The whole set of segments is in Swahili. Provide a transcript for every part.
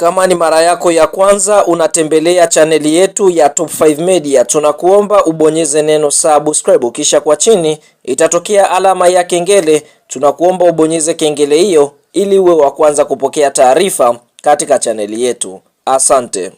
Kama ni mara yako ya kwanza unatembelea chaneli yetu ya Top 5 Media, tunakuomba ubonyeze neno subscribe, kisha kwa chini itatokea alama ya kengele. Tunakuomba ubonyeze kengele hiyo ili uwe wa kwanza kupokea taarifa katika chaneli yetu. Asante.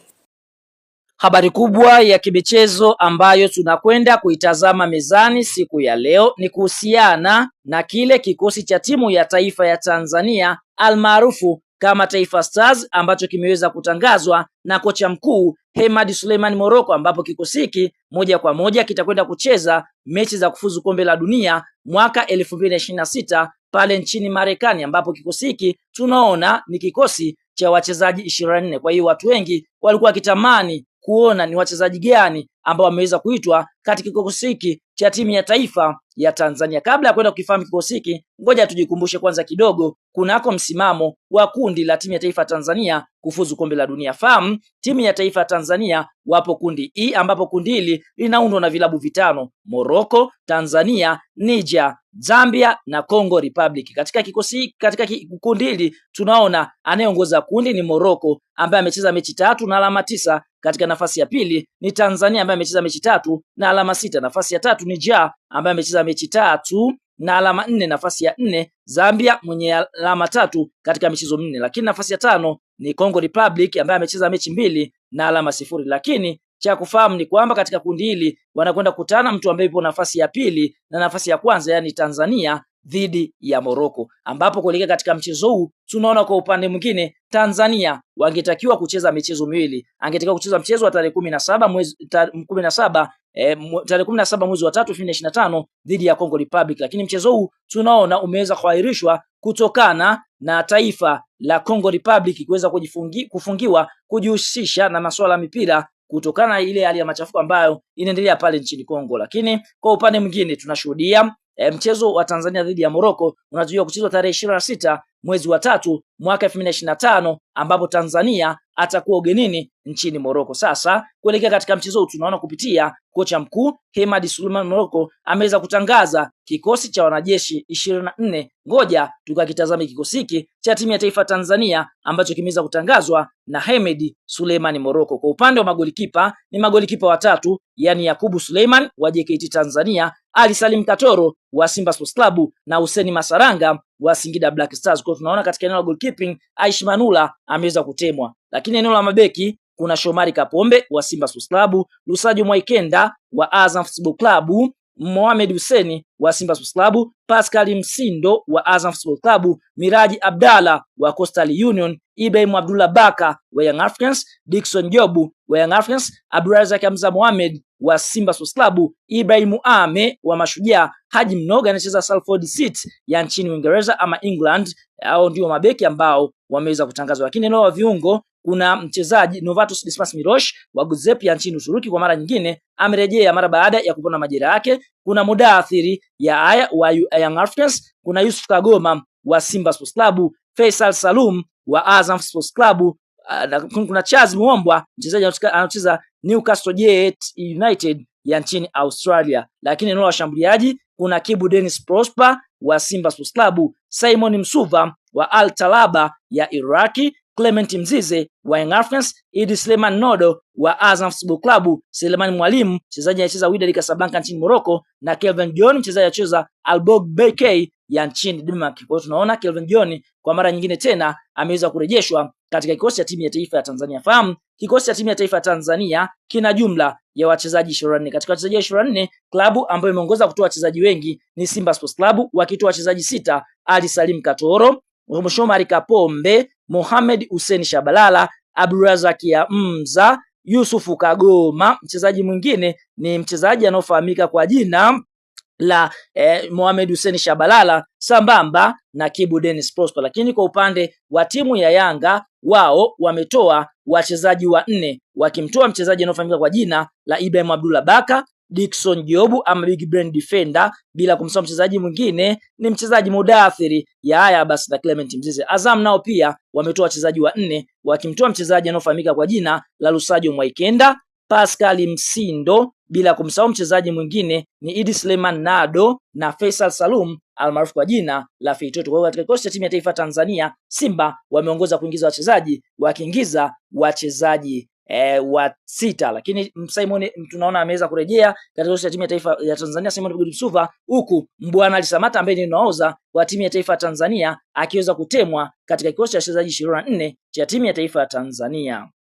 Habari kubwa ya kimichezo ambayo tunakwenda kuitazama mezani siku ya leo ni kuhusiana na kile kikosi cha timu ya taifa ya Tanzania almaarufu kama Taifa Stars ambacho kimeweza kutangazwa na kocha mkuu hemad Suleiman Moroko, ambapo kikosi hiki moja kwa moja kitakwenda kucheza mechi za kufuzu kombe la dunia mwaka 2026 pale nchini Marekani, ambapo kikosi hiki tunaona ni kikosi cha wachezaji 24. nne. Kwa hiyo watu wengi walikuwa wakitamani kuona ni wachezaji gani ambao wameweza kuitwa katika kikosi hiki cha timu ya taifa ya Tanzania. Kabla ya kwenda kukifahamu kikosi hiki, ngoja tujikumbushe kwanza kidogo kunako msimamo wa kundi la timu ya taifa ya Tanzania kufuzu kombe la dunia. Fahamu timu ya taifa ya Tanzania wapo kundi E, ambapo kundi hili linaundwa na vilabu vitano: Morocco, Tanzania, Niger, Zambia na Congo Republic. Katika kikosi katika kundi hili tunaona anayeongoza kundi ni Morocco ambaye amecheza mechi tatu na alama tisa. Katika nafasi ya pili ni Tanzania ambaye amecheza mechi tatu na alama sita. Nafasi ya tatu ni Ja ambaye amecheza mechi tatu na alama nne, nafasi ya nne. Zambia mwenye alama tatu katika michezo minne, lakini nafasi ya tano ni Congo Republic ambaye amecheza mechi mbili na alama sifuri. Lakini cha kufahamu ni kwamba katika kundi hili wanakwenda kukutana mtu ambaye ipo nafasi ya pili na nafasi ya kwanza, yaani Tanzania dhidi ya Morocco, ambapo kuelekea katika mchezo huu tunaona kwa upande mwingine Tanzania wangetakiwa kucheza michezo miwili, angetakiwa kucheza mchezo wa tarehe kumi na saba mwezi kumi na saba e, tarehe saba mwezi wa na tano dhidi ya Congo Republic, lakini mchezo huu tunaona umeweza kuahirishwa kutokana na taifa la Congo Republic kuweza kufungiwa kujihusisha na masuala ya mipira kutokana na ile hali ya machafuko ambayo inaendelea pale nchini Kongo. Lakini kwa upande mwingine tunashuhudia e, mchezo wa Tanzania dhidi ya Morocco unatarajiwa kuchezwa tarehe ishirini na sita mwezi wa tatu mwaka 2025 ambapo Tanzania atakuwa ugenini nchini Morocco. Sasa kuelekea katika mchezo huu, tunaona kupitia kocha mkuu Hemad Suleiman Morocco ameweza kutangaza kikosi cha wanajeshi 24. Ngoja tukakitazame kikosi hiki cha timu ya taifa Tanzania ambacho kimeweza kutangazwa na Hemedi Suleiman Morocco. Kwa upande wa magolikipa ni magolikipa watatu, yani Yakubu Suleiman wa JKT Tanzania, Ali Salim Katoro wa Simba Sports Club na Huseni Masaranga wa Singida Black Stars. Kwa tunaona katika eneo la goalkeeping Aish Manula ameweza kutemwa, lakini eneo la mabeki kuna Shomari Kapombe wa Simba Sports Club, Lusajo Mwaikenda wa Azam Football Club, Mohamed Huseni wa Simba Sports Club, Pascal Msindo wa Azam Football Club, Miraji Abdalla wa Coastal Union, Ibrahim Abdullah Baka wa Young Africans, Dickson Jobu wa Young Africans, Abdurazak Hamza Mohamed wa Simba Sports Club, Ibrahim Ame wa Mashujaa, Haji Mnoga anacheza Salford City ya nchini Uingereza ama England. Hao ndio mabeki ambao wameweza kutangazwa, lakini eneo la viungo kuna mchezaji Novatus Dismas Mirosh wa Guzepi ya nchini Uturuki kwa mara nyingine amerejea mara baada ya kupona majeraha yake. Kuna mudaathiri ya Aya wa eh, Young Africans, kuna Yusuf Kagoma wa Simba Sports Club, Faisal Salum wa Azam Sports Club, ah, kuna Charles Muombwa mchezaji anacheza Newcastle Jet United ya nchini Australia. Lakini eneo la washambuliaji kuna Kibu Dennis Prosper wa Simba Sports Club, Simon Msuva wa Al Talaba ya Iraki, Clement Mzize wa Young Africans, Idi Sleman Nodo wa Azam Football Club, Selemani Mwalimu mchezaji anayecheza Wydad Casablanca nchini Morocco na Kelvin John mchezaji anayecheza Al BK ya nchini Denmark. Kwa hiyo tunaona Kelvin John kwa mara nyingine tena ameweza kurejeshwa katika kikosi cha timu ya taifa ya Tanzania. Fahamu kikosi cha timu ya taifa ya Tanzania kina jumla ya wachezaji 24. Katika wachezaji 24, klabu ambayo imeongoza kutoa wachezaji wengi ni Simba Sports Club wakitoa wachezaji sita: Ali Salim Katoro, Shomari Kapombe, Mohamed Hussein Shabalala, Abdurazak ya Mza, Yusufu Kagoma. Mchezaji mwingine ni mchezaji anaofahamika kwa jina la eh, Mohamed Hussein Shabalala sambamba na Kibu Dennis Prosper. Lakini kwa upande wa timu ya Yanga wao wametoa wachezaji wanne wakimtoa mchezaji anaofahamika kwa jina la Ibrahim Abdullah Baka Dickson Job ama big brand defender, bila kumsahau mchezaji mwingine ni mchezaji mudaathiri ya haya basi na Clement Mzize. Azam nao pia wametoa wachezaji wanne, wakimtoa mchezaji anaofahamika kwa jina la Lusajo Mwaikenda, Pascal Msindo, bila kumsahau mchezaji mwingine ni Idi Sleman Nado na Faisal Salum almaarufu kwa jina la Feitoto. Kwa hiyo katika kikosi cha timu ya taifa Tanzania Simba wameongoza kuingiza wachezaji wakiingiza wachezaji e, wa sita, lakini Simon tunaona ameweza kurejea katika ya timu ya taifa ya Tanzania Simon Bigudi Msuva, huku Mbwana Alisamata ambaye ni naoza wa timu ya taifa ya Tanzania akiweza kutemwa katika kikosi cha wachezaji ishirini na nne cha timu ya taifa ya Tanzania.